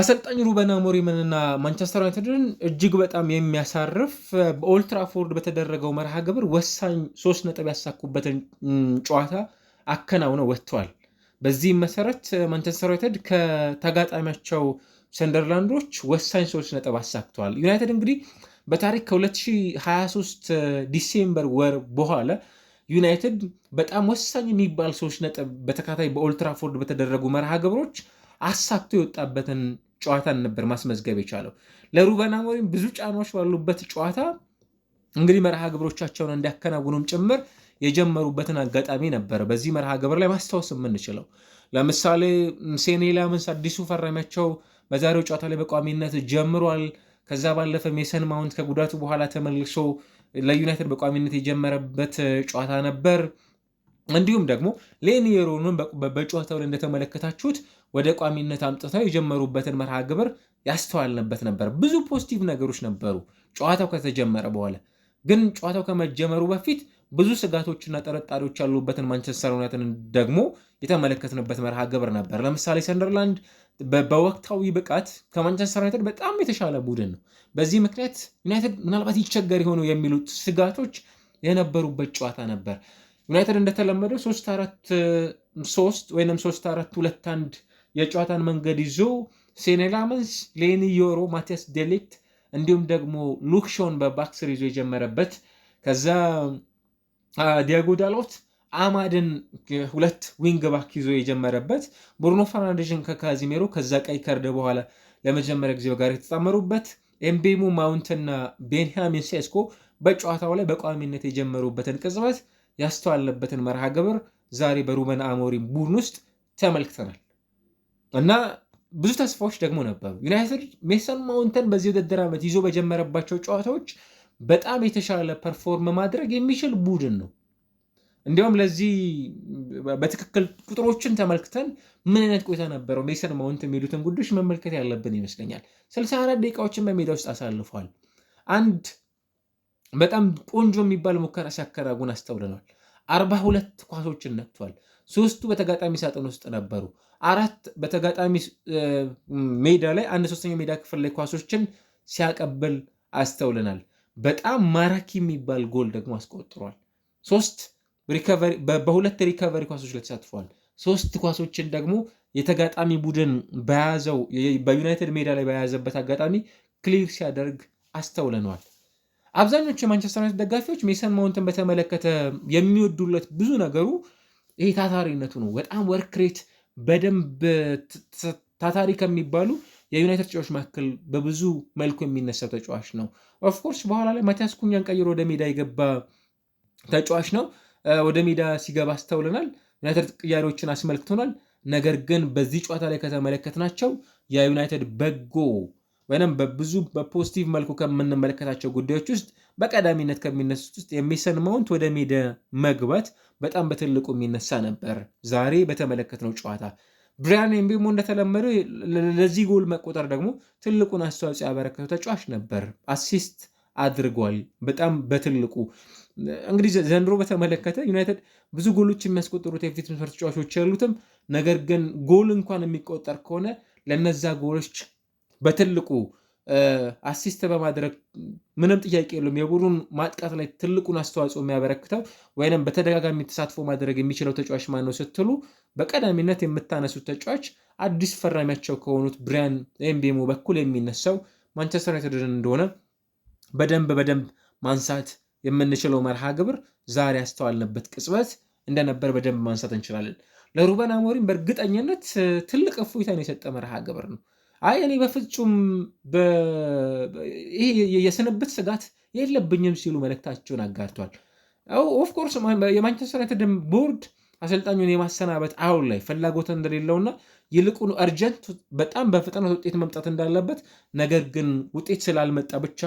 አሰልጣኝ ሩበን አሞሪምንና ማንቸስተር ዩናይትድን እጅግ በጣም የሚያሳርፍ በኦልትራፎርድ በተደረገው መርሃ ግብር ወሳኝ ሶስት ነጥብ ያሳኩበትን ጨዋታ አከናውነው ወጥተዋል። በዚህም መሰረት ማንቸስተር ዩናይትድ ከተጋጣሚያቸው ሰንደርላንዶች ወሳኝ ሶስት ነጥብ አሳክተዋል። ዩናይትድ እንግዲህ በታሪክ ከ2023 ዲሴምበር ወር በኋላ ዩናይትድ በጣም ወሳኝ የሚባል ሶስት ነጥብ በተካታይ በኦልትራፎርድ በተደረጉ መርሃ ግብሮች አሳክቶ የወጣበትን ጨዋታን ነበር ማስመዝገብ የቻለው። ለሩበን አሞሪም ብዙ ጫናዎች ባሉበት ጨዋታ እንግዲህ መርሃ ግብሮቻቸውን እንዲያከናውኑም ጭምር የጀመሩበትን አጋጣሚ ነበረ በዚህ መርሃ ግብር ላይ ማስታወስ የምንችለው። ለምሳሌ ሴኔ ላመንስ አዲሱ ፈራሚያቸው በዛሬው ጨዋታ ላይ በቋሚነት ጀምሯል። ከዛ ባለፈ ሜሰን ማውንት ከጉዳቱ በኋላ ተመልሶ ለዩናይትድ በቋሚነት የጀመረበት ጨዋታ ነበር። እንዲሁም ደግሞ ሌኒ የሮኑን በጨዋታው ላይ እንደተመለከታችሁት ወደ ቋሚነት አምጥተው የጀመሩበትን መርሃ ግብር ያስተዋልንበት ነበር። ብዙ ፖዚቲቭ ነገሮች ነበሩ ጨዋታው ከተጀመረ በኋላ። ግን ጨዋታው ከመጀመሩ በፊት ብዙ ስጋቶችና ጠረጣሪዎች ያሉበትን ማንቸስተር ዩናይትድን ደግሞ የተመለከትንበት መርሃ ግብር ነበር። ለምሳሌ ሰንደርላንድ በወቅታዊ ብቃት ከማንቸስተር ዩናይትድ በጣም የተሻለ ቡድን ነው። በዚህ ምክንያት ዩናይትድ ምናልባት ይቸገር የሆኑ የሚሉት ስጋቶች የነበሩበት ጨዋታ ነበር። ዩናይትድ እንደተለመደው ሶስት አራት ሶስት ወይም ሶስት አራት ሁለት አንድ የጨዋታን መንገድ ይዞ ላመንስ ሌኒ ዮሮ፣ ማቲያስ ዴሊክት እንዲሁም ደግሞ ሉክሾን በባክስር ይዞ የጀመረበት ከዛ ዲያጎ ዳሎት አማድን ሁለት ዊንግ ባክ ይዞ የጀመረበት ብሩኖ ፈርናንዴዝን ከካዚሜሮ ከዛ ቀይ ካርድ በኋላ ለመጀመሪያ ጊዜ ጋር የተጣመሩበት ኤምቤሙ ማውንትና ቤንያሚን ሴስኮ በጨዋታው ላይ በቋሚነት የጀመሩበትን ቅጽበት ያስተዋልንበትን መርሃ ግብር ዛሬ በሩበን አሞሪም ቡድን ውስጥ ተመልክተናል። እና ብዙ ተስፋዎች ደግሞ ነበሩ። ዩናይትድ ሜሰን ማውንተን በዚህ ውድድር ዓመት ይዞ በጀመረባቸው ጨዋታዎች በጣም የተሻለ ፐርፎርም ማድረግ የሚችል ቡድን ነው። እንዲሁም ለዚህ በትክክል ቁጥሮችን ተመልክተን ምን አይነት ቆይታ ነበረው ሜሰን ማውንት የሚሉትን ጉዳዮች መመልከት ያለብን ይመስለኛል። 64 ደቂቃዎችን በሜዳ ውስጥ አሳልፏል። አንድ በጣም ቆንጆ የሚባል ሙከራ ሲያከናውን አስተውለናል። 42 ኳሶችን ነክቷል። ሶስቱ በተጋጣሚ ሳጥን ውስጥ ነበሩ። አራት በተጋጣሚ ሜዳ ላይ አንድ ሶስተኛ ሜዳ ክፍል ላይ ኳሶችን ሲያቀብል አስተውለናል። በጣም ማራኪ የሚባል ጎል ደግሞ አስቆጥሯል። ሶስት በሁለት ሪካቨሪ ኳሶች ላይ ተሳትፏል። ሶስት ኳሶችን ደግሞ የተጋጣሚ ቡድን በያዘው በዩናይትድ ሜዳ ላይ በያዘበት አጋጣሚ ክሊር ሲያደርግ አስተውለነዋል። አብዛኞቹ የማንቸስተር ዩናይትድ ደጋፊዎች ሜሰን ማውንትን በተመለከተ የሚወዱለት ብዙ ነገሩ ይሄ ታታሪነቱ ነው። በጣም ወርክሬት በደንብ ታታሪ ከሚባሉ የዩናይትድ ተጫዋቾች መካከል በብዙ መልኩ የሚነሳው ተጫዋች ነው። ኦፍኮርስ በኋላ ላይ ማቲያስ ኩኛን ቀይሮ ወደ ሜዳ የገባ ተጫዋች ነው። ወደ ሜዳ ሲገባ አስተውለናል። ዩናይትድ ቅያሬዎችን አስመልክቶናል። ነገር ግን በዚህ ጨዋታ ላይ ከተመለከትናቸው የዩናይትድ በጎ ወይም በብዙ በፖዚቲቭ መልኩ ከምንመለከታቸው ጉዳዮች ውስጥ በቀዳሚነት ከሚነሱት ውስጥ የሜሰን ማውንት ወደ ሜዳ መግባት በጣም በትልቁ የሚነሳ ነበር። ዛሬ በተመለከትነው ጨዋታ ብሪያን ኤምቤሞ እንደተለመደው ለዚህ ጎል መቆጠር ደግሞ ትልቁን አስተዋጽኦ ያበረከተው ተጫዋች ነበር። አሲስት አድርጓል በጣም በትልቁ። እንግዲህ ዘንድሮ በተመለከተ ዩናይትድ ብዙ ጎሎች የሚያስቆጥሩት የፊት መስመር ተጫዋቾች ያሉትም ነገር ግን ጎል እንኳን የሚቆጠር ከሆነ ለነዛ ጎሎች በትልቁ አሲስት በማድረግ ምንም ጥያቄ የለውም። የቡድን ማጥቃት ላይ ትልቁን አስተዋጽኦ የሚያበረክተው ወይም በተደጋጋሚ ተሳትፎ ማድረግ የሚችለው ተጫዋች ማን ነው ስትሉ በቀዳሚነት የምታነሱት ተጫዋች አዲስ ፈራሚያቸው ከሆኑት ብሪያን ኤምቤሞ በኩል የሚነሳው ማንቸስተር ዩናይትድን እንደሆነ በደንብ በደንብ ማንሳት የምንችለው መርሃ ግብር ዛሬ ያስተዋልንበት ቅጽበት እንደነበር በደንብ ማንሳት እንችላለን። ለሩበን አሞሪም በእርግጠኝነት ትልቅ እፎይታን የሰጠ መርሃ ግብር ነው። አይ እኔ በፍጹም ይሄ የስንብት ስጋት የለብኝም ሲሉ መልእክታቸውን አጋርቷል። ኦፍኮርስ የማንቸስተር ዩናይትድ ቦርድ አሰልጣኙን የማሰናበት አሁን ላይ ፍላጎት እንደሌለውና ይልቁን እርጀንት በጣም በፍጥነት ውጤት መምጣት እንዳለበት ነገር ግን ውጤት ስላልመጣ ብቻ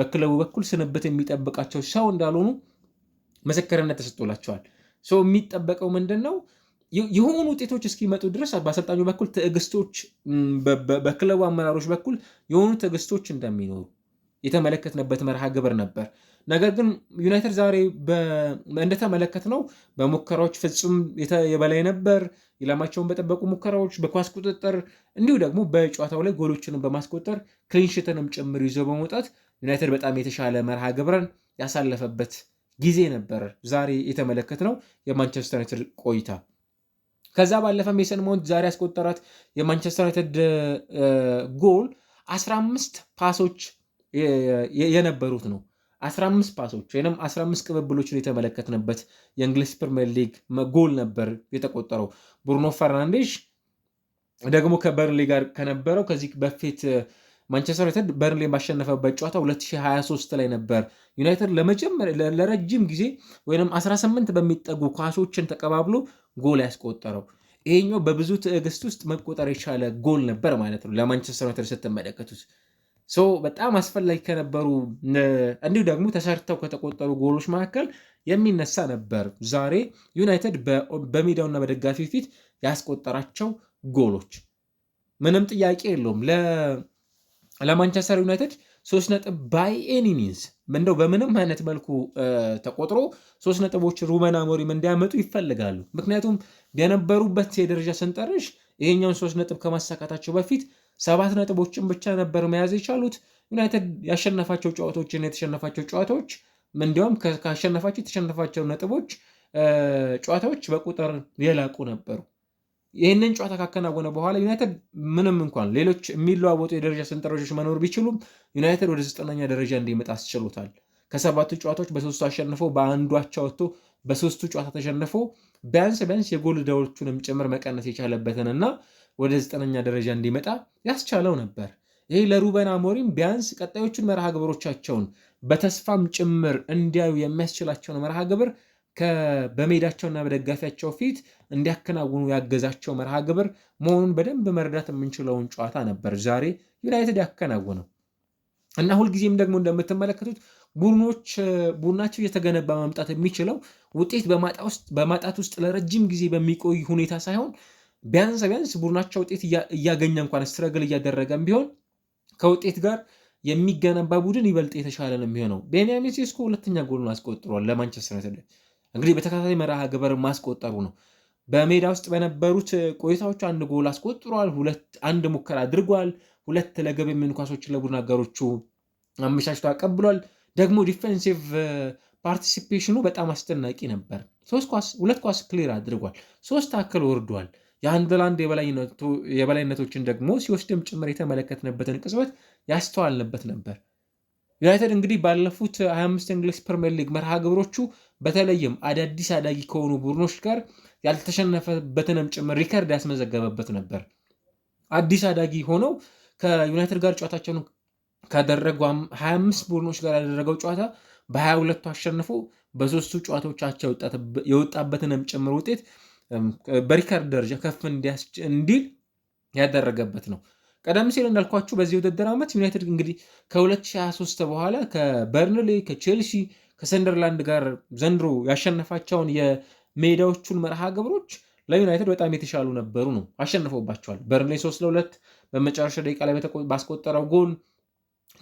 በክለቡ በኩል ስንብት የሚጠብቃቸው ሰው እንዳልሆኑ ምስክርነት ተሰጥቶላቸዋል። የሚጠበቀው ምንድን ነው? የሆኑ ውጤቶች እስኪመጡ ድረስ በአሰልጣኙ በኩል ትዕግስቶች፣ በክለቡ አመራሮች በኩል የሆኑ ትዕግስቶች እንደሚኖሩ የተመለከትንበት መርሃ ግብር ነበር። ነገር ግን ዩናይትድ ዛሬ እንደተመለከት ነው በሙከራዎች ፍጹም የበላይ ነበር። ኢላማቸውን በጠበቁ ሙከራዎች፣ በኳስ ቁጥጥር እንዲሁ ደግሞ በጨዋታው ላይ ጎሎችንም በማስቆጠር ክሊንሽትንም ጭምር ይዞ በመውጣት ዩናይትድ በጣም የተሻለ መርሃ ግብርን ያሳለፈበት ጊዜ ነበር ዛሬ የተመለከት ነው የማንቸስተር ዩናይትድ ቆይታ ከዛ ባለፈ ሜሰን ማውንት ዛሬ ያስቆጠራት የማንቸስተር ዩናይትድ ጎል 15 ፓሶች የነበሩት ነው። 15 ፓሶች ወይም 15 ቅብብሎችን የተመለከትንበት የእንግሊዝ ፕሪምየር ሊግ ጎል ነበር የተቆጠረው። ብሩኖ ፈርናንዴሽ ደግሞ ከበርንሌ ጋር ከነበረው ከዚህ በፊት ማንቸስተር ዩናይትድ በርንሌ ባሸነፈበት ጨዋታ 2023 ላይ ነበር ዩናይትድ ለረጅም ጊዜ ወይም 18 በሚጠጉ ኳሶችን ተቀባብሎ ጎል ያስቆጠረው። ይሄኛው በብዙ ትዕግስት ውስጥ መቆጠር የቻለ ጎል ነበር ማለት ነው ለማንቸስተር ዩናይትድ ስትመለከቱት። በጣም አስፈላጊ ከነበሩ እንዲሁ ደግሞ ተሰርተው ከተቆጠሩ ጎሎች መካከል የሚነሳ ነበር። ዛሬ ዩናይትድ በሜዳውና በደጋፊው ፊት ያስቆጠራቸው ጎሎች ምንም ጥያቄ የለውም ለማንቸስተር ዩናይትድ ሶስት ነጥብ ባይ ኤኒ ሚንስ እንደው በምንም አይነት መልኩ ተቆጥሮ ሶስት ነጥቦች ሩበን አሞሪም እንዲያመጡ ይፈልጋሉ። ምክንያቱም የነበሩበት የደረጃ ሰንጠረዥ ይሄኛውን ሶስት ነጥብ ከማሳካታቸው በፊት ሰባት ነጥቦችን ብቻ ነበር መያዝ የቻሉት። ዩናይትድ ያሸነፋቸው ጨዋታዎችና የተሸነፋቸው ጨዋታዎች እንዲያውም ካሸነፋቸው የተሸነፋቸው ነጥቦች ጨዋታዎች በቁጥር የላቁ ነበሩ። ይህንን ጨዋታ ካከናወነ በኋላ ዩናይትድ ምንም እንኳን ሌሎች የሚለዋወጡ የደረጃ ሰንጠረዦች መኖር ቢችሉም ዩናይትድ ወደ ዘጠነኛ ደረጃ እንዲመጣ አስችሎታል። ከሰባቱ ጨዋታዎች በሶስቱ አሸንፎ በአንዱ አቻ ወጥቶ በሶስቱ ጨዋታ ተሸንፎ ቢያንስ ቢያንስ የጎል ዕዳዎቹንም ጭምር መቀነስ የቻለበትን እና ወደ ዘጠነኛ ደረጃ እንዲመጣ ያስቻለው ነበር። ይህ ለሩበን አሞሪም ቢያንስ ቀጣዮቹን መርሃ ግብሮቻቸውን በተስፋም ጭምር እንዲያዩ የሚያስችላቸውን መርሃ ግብር በሜዳቸውና በደጋፊያቸው ፊት እንዲያከናውኑ ያገዛቸው መርሃ ግብር መሆኑን በደንብ መረዳት የምንችለውን ጨዋታ ነበር ዛሬ ዩናይትድ ያከናውነው እና ሁልጊዜም ደግሞ እንደምትመለከቱት ቡድኖች ቡድናቸው እየተገነባ መምጣት የሚችለው ውጤት በማጣት ውስጥ ለረጅም ጊዜ በሚቆይ ሁኔታ ሳይሆን ቢያንስ ቢያንስ ቡድናቸው ውጤት እያገኘ እንኳን ስትረግል እያደረገም ቢሆን ከውጤት ጋር የሚገነባ ቡድን ይበልጥ የተሻለ ነው የሚሆነው። ቤንያሚን ሴስኮ ሁለተኛ ጎሉን አስቆጥሯል ለማንቸስተር ዩናይትድ። እንግዲህ በተከታታይ መርሃ ግብር ማስቆጠሩ ነው። በሜዳ ውስጥ በነበሩት ቆይታዎቹ አንድ ጎል አስቆጥሯል። ሁለት አንድ ሙከራ አድርጓል። ሁለት ለግብ የሚሆኑ ኳሶችን ለቡድን አጋሮቹ አመቻችቶ አቀብሏል። ደግሞ ዲፌንሲቭ ፓርቲሲፔሽኑ በጣም አስደናቂ ነበር። ሁለት ኳስ ክሊር አድርጓል። ሶስት አክል ወርዷል። የአንድ ለአንድ የበላይነቶችን ደግሞ ሲወስድም ጭምር የተመለከትንበትን ቅጽበት ያስተዋልንበት ነበር። ዩናይትድ እንግዲህ ባለፉት 25 እንግሊዝ ፕሪምየር ሊግ መርሃ ግብሮቹ በተለይም አዳዲስ አዳጊ ከሆኑ ቡድኖች ጋር ያልተሸነፈበትንም ጭምር ሪከርድ ያስመዘገበበት ነበር። አዲስ አዳጊ ሆነው ከዩናይትድ ጋር ጨዋታቸውን ካደረጉ 25 ቡድኖች ጋር ያደረገው ጨዋታ በ22ቱ አሸንፎ በሶስቱ ጨዋታዎቻቸው የወጣበትንም ጭምር ውጤት በሪከርድ ደረጃ ከፍ እንዲል ያደረገበት ነው። ቀደም ሲል እንዳልኳችሁ በዚህ ውድድር ዓመት ዩናይትድ እንግዲህ ከ2023 በኋላ ከበርንሌ፣ ከቼልሲ፣ ከሰንደርላንድ ጋር ዘንድሮ ያሸነፋቸውን የሜዳዎቹን መርሃ ግብሮች ለዩናይትድ በጣም የተሻሉ ነበሩ ነው አሸንፈውባቸዋል። በርንሌ ሶስት ለሁለት በመጨረሻ ደቂቃ ላይ ባስቆጠረው ጎል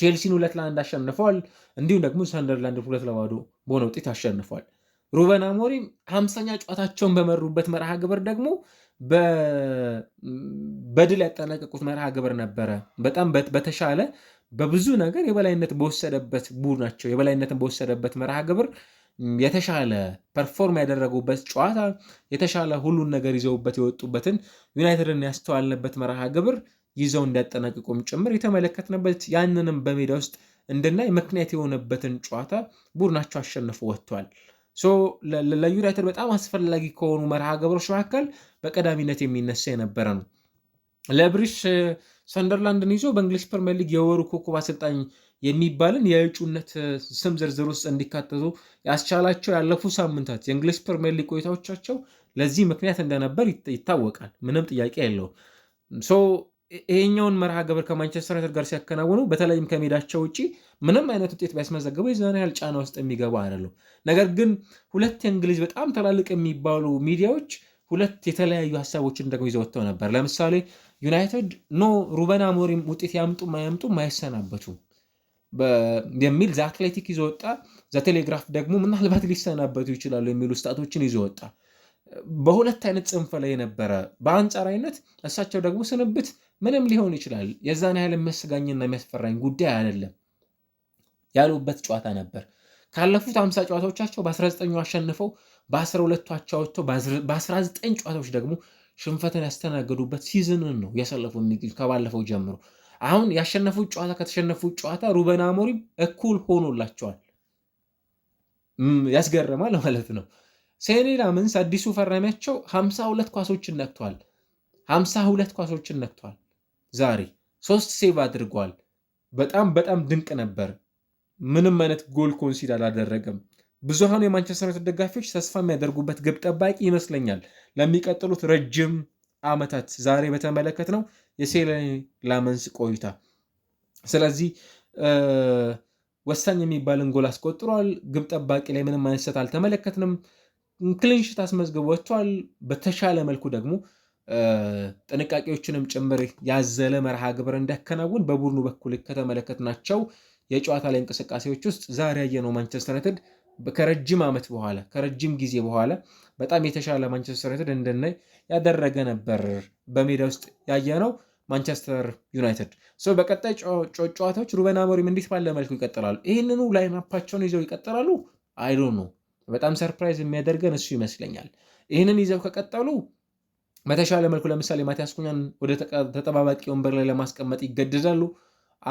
ቼልሲን ሁለት ለአንድ አሸንፈዋል። እንዲሁም ደግሞ ሰንደርላንድ ሁለት ለባዶ በሆነ ውጤት አሸንፏል። ሩበን አሞሪም ሀምሳኛ ጨዋታቸውን በመሩበት መርሃ ግብር ደግሞ በድል ያጠናቀቁት መርሃ ግብር ነበረ። በጣም በተሻለ በብዙ ነገር የበላይነት በወሰደበት ቡድናቸው የበላይነትን በወሰደበት መርሃ ግብር የተሻለ ፐርፎርም ያደረጉበት ጨዋታ የተሻለ ሁሉን ነገር ይዘውበት የወጡበትን ዩናይትድን ያስተዋልንበት መርሃ ግብር ይዘው እንዲያጠናቅቁም ጭምር የተመለከትንበት ያንንም በሜዳ ውስጥ እንድናይ ምክንያት የሆነበትን ጨዋታ ቡድናቸው አሸንፎ ወጥቷል። ለዩናይትድ በጣም አስፈላጊ ከሆኑ መርሃ ግብሮች መካከል በቀዳሚነት የሚነሳ የነበረ ነው። ለብሪሽ ሰንደርላንድን ይዞ በእንግሊዝ ፕሪምየር ሊግ የወሩ ኮከብ አሰልጣኝ የሚባልን የእጩነት ስም ዝርዝር ውስጥ እንዲካተቱ ያስቻላቸው ያለፉ ሳምንታት የእንግሊዝ ፕሪምየር ሊግ ቆይታዎቻቸው ለዚህ ምክንያት እንደነበር ይታወቃል። ምንም ጥያቄ የለውም። ይሄኛውን መርሃ ግብር ከማንቸስተር ዩናይትድ ጋር ሲያከናውኑ በተለይም ከሜዳቸው ውጭ ምንም አይነት ውጤት ቢያስመዘግቡ የዛን ያህል ጫና ውስጥ የሚገባ አይደለም። ነገር ግን ሁለት የእንግሊዝ በጣም ትላልቅ የሚባሉ ሚዲያዎች ሁለት የተለያዩ ሀሳቦችን ደግሞ ይዘው ወጥተው ነበር። ለምሳሌ ዩናይትድ ኖ ሩበን አሞሪም ውጤት ያምጡ ማያምጡ ማይሰናበቱ የሚል ዘ አትሌቲክ ይዞ ወጣ። ዘቴሌግራፍ ደግሞ ምናልባት ሊሰናበቱ ይችላሉ የሚሉ ስጣቶችን ይዞ ወጣ። በሁለት አይነት ጽንፈ ላይ የነበረ በአንጻራዊነት እሳቸው ደግሞ ስንብት ምንም ሊሆን ይችላል። የዛን ያህል የሚያስጋኝና የሚያስፈራኝ ጉዳይ አይደለም ያሉበት ጨዋታ ነበር። ካለፉት አምሳ ጨዋታዎቻቸው በ19ኙ አሸንፈው በ12ቱ አቻ በ19 ጨዋታዎች ደግሞ ሽንፈትን ያስተናገዱበት ሲዝንን ነው እያሳለፉ የሚገኙ ከባለፈው ጀምሮ። አሁን ያሸነፉት ጨዋታ ከተሸነፉት ጨዋታ ሩበን አሞሪም እኩል ሆኖላቸዋል። ያስገርማል ማለት ነው። ሴኔ ላመንስ አዲሱ ፈራሚያቸው 52 ኳሶችን ነክቷል። 52 ኳሶችን ነክቷል። ዛሬ ሶስት ሴቭ አድርጓል። በጣም በጣም ድንቅ ነበር። ምንም አይነት ጎል ኮንሲድ አላደረገም። ብዙሃኑ የማንቸስተር ዩናይትድ ደጋፊዎች ተስፋ የሚያደርጉበት ግብ ጠባቂ ይመስለኛል ለሚቀጥሉት ረጅም ዓመታት። ዛሬ በተመለከት ነው የሴለኒ ላመንስ ቆይታ። ስለዚህ ወሳኝ የሚባልን ጎል አስቆጥሯል። ግብ ጠባቂ ላይ ምንም አይነት ስህተት አልተመለከትንም። ክሊንሽት አስመዝግቧቸዋል። በተሻለ መልኩ ደግሞ ጥንቃቄዎችንም ጭምር ያዘለ መርሃ ግብር እንዲያከናውን በቡድኑ በኩል ከተመለከትናቸው የጨዋታ ላይ እንቅስቃሴዎች ውስጥ ዛሬ ያየነው ማንቸስተር ዩናይትድ ከረጅም ዓመት በኋላ ከረጅም ጊዜ በኋላ በጣም የተሻለ ማንቸስተር ዩናይትድ እንድናይ ያደረገ ነበር በሜዳ ውስጥ ያየነው ማንቸስተር ዩናይትድ። በቀጣይ ጨዋታዎች ሩበን አሞሪም እንዴት ባለ መልኩ ይቀጥላሉ? ይህንኑ ላይናፓቸውን ይዘው ይቀጥላሉ? አይዶ ነው። በጣም ሰርፕራይዝ የሚያደርገን እሱ ይመስለኛል። ይህንን ይዘው ከቀጠሉ በተሻለ መልኩ ለምሳሌ ማቲያስ ኩኛን ወደ ተጠባባቂ ወንበር ላይ ለማስቀመጥ ይገደዳሉ።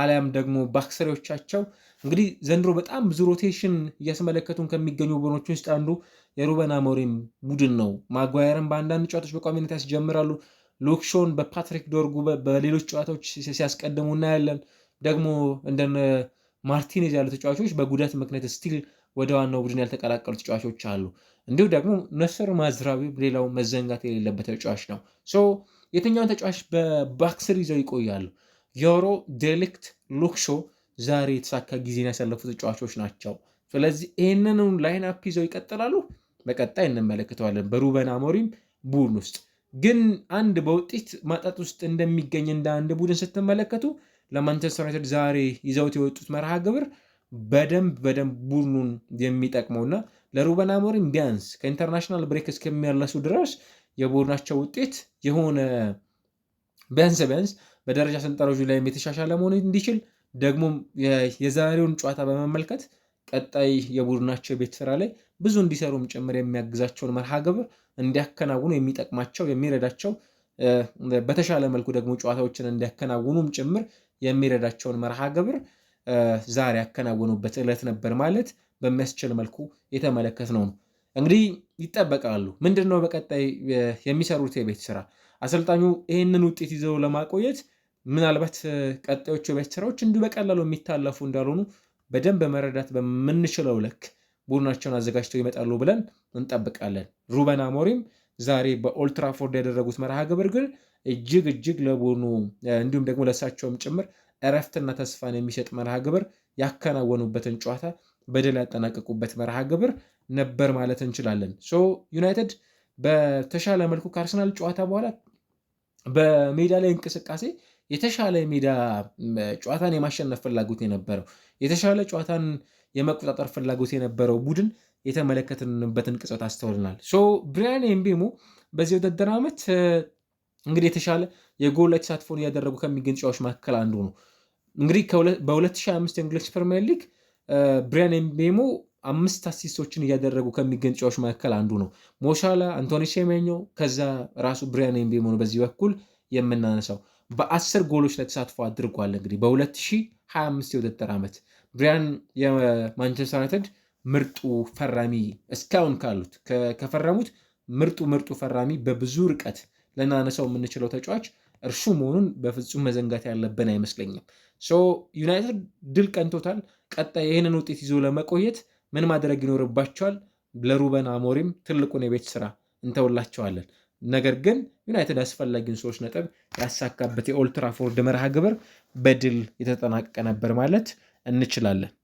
አሊያም ደግሞ ባክሰሪዎቻቸው እንግዲህ ዘንድሮ በጣም ብዙ ሮቴሽን እያስመለከቱን ከሚገኙ ቡድኖች ውስጥ አንዱ የሩበን አሞሪም ቡድን ነው። ማጓየርን በአንዳንድ ጨዋታዎች በቋሚነት ያስጀምራሉ። ሎክሾን በፓትሪክ ዶርጉ በሌሎች ጨዋታዎች ሲያስቀድሙ እናያለን። ደግሞ እንደ ማርቲኔዝ ያሉ ተጫዋቾች በጉዳት ምክንያት ስቲል ወደ ዋናው ቡድን ያልተቀላቀሉ ተጫዋቾች አሉ። እንዲሁ ደግሞ ነስር ማዝራዊ ሌላው መዘንጋት የሌለበት ተጫዋች ነው። ሶ የትኛውን ተጫዋች በባክስር ይዘው ይቆያሉ? ዮሮ፣ ዴሊክት፣ ሉክሾ ዛሬ የተሳካ ጊዜን ያሳለፉ ተጫዋቾች ናቸው። ስለዚህ ይህንን ላይን አፕ ይዘው ይቀጥላሉ። በቀጣይ እንመለከተዋለን። በሩበን አሞሪም ቡድን ውስጥ ግን አንድ በውጤት ማጣት ውስጥ እንደሚገኝ እንደ አንድ ቡድን ስትመለከቱ ለማንቸስተር ዩናይትድ ዛሬ ይዘውት የወጡት መርሃ ግብር በደንብ በደንብ ቡድኑን የሚጠቅመውና ለሩበን አሞሪም ቢያንስ ከኢንተርናሽናል ብሬክ እስከሚያለሱ ድረስ የቡድናቸው ውጤት የሆነ ቢያንስ ቢያንስ በደረጃ ሰንጠረዡ ላይም የተሻሻለ መሆን እንዲችል ደግሞ የዛሬውን ጨዋታ በመመልከት ቀጣይ የቡድናቸው የቤት ስራ ላይ ብዙ እንዲሰሩም ጭምር የሚያግዛቸውን መርሃ ግብር እንዲያከናውኑ የሚጠቅማቸው የሚረዳቸው በተሻለ መልኩ ደግሞ ጨዋታዎችን እንዲያከናውኑም ጭምር የሚረዳቸውን መርሃ ግብር ዛሬ ያከናወኑበት ዕለት ነበር ማለት በሚያስችል መልኩ የተመለከትነው ነው። እንግዲህ ይጠበቃሉ። ምንድን ነው በቀጣይ የሚሰሩት የቤት ስራ? አሰልጣኙ ይህንን ውጤት ይዘው ለማቆየት ምናልባት ቀጣዮቹ የቤት ስራዎች እንዲሁ በቀላሉ የሚታለፉ እንዳልሆኑ በደንብ መረዳት በምንችለው ልክ ቡድናቸውን አዘጋጅተው ይመጣሉ ብለን እንጠብቃለን። ሩበን አሞሪም ዛሬ በኦልትራፎርድ ያደረጉት መርሃ ግብር ግን እጅግ እጅግ ለቡድኑ እንዲሁም ደግሞ ለእሳቸውም ጭምር እረፍትና ተስፋን የሚሰጥ መርሃ ግብር ያከናወኑበትን ጨዋታ በድል ያጠናቀቁበት መርሃ ግብር ነበር ማለት እንችላለን። ሶ ዩናይትድ በተሻለ መልኩ ከአርሰናል ጨዋታ በኋላ በሜዳ ላይ እንቅስቃሴ የተሻለ ሜዳ ጨዋታን የማሸነፍ ፍላጎት የነበረው የተሻለ ጨዋታን የመቆጣጠር ፍላጎት የነበረው ቡድን የተመለከትንበትን ቅጽበት አስተውልናል። ሶ ብሪያን ኤምቤሞ በዚህ ውድድር ዓመት እንግዲህ የተሻለ የጎል ላይ ተሳትፎን እያደረጉ ከሚገኙ ተጫዋቾች መካከል አንዱ ነው። እንግዲህ በ2025 የእንግሊዝ ፕሪሚየር ሊግ ብሪያን ኤምቤሞ አምስት አሲስቶችን እያደረጉ ከሚገኙ ተጫዋቾች መካከል አንዱ ነው። ሞሻላ፣ አንቶኒ ሴሜኞ ከዛ ራሱ ብሪያን ኤምቤሞ ነው። በዚህ በኩል የምናነሳው በአስር ጎሎች ላይ ተሳትፎ አድርጓል። እንግዲህ በ2025 የውድድር ዓመት ብሪያን የማንቸስተር ዩናይትድ ምርጡ ፈራሚ እስካሁን ካሉት ከፈረሙት ምርጡ ምርጡ ፈራሚ በብዙ ርቀት ልናነሳው የምንችለው ተጫዋች እርሱ መሆኑን በፍጹም መዘንጋት ያለብን አይመስለኝም። ዩናይትድ ድል ቀንቶታል። ቀጣይ ይህንን ውጤት ይዞ ለመቆየት ምን ማድረግ ይኖርባቸዋል? ለሩበን አሞሪም ትልቁን የቤት ስራ እንተውላቸዋለን። ነገር ግን ዩናይትድ አስፈላጊውን ሶስት ነጥብ ያሳካበት የኦልትራፎርድ መርሃ ግብር በድል የተጠናቀቀ ነበር ማለት እንችላለን።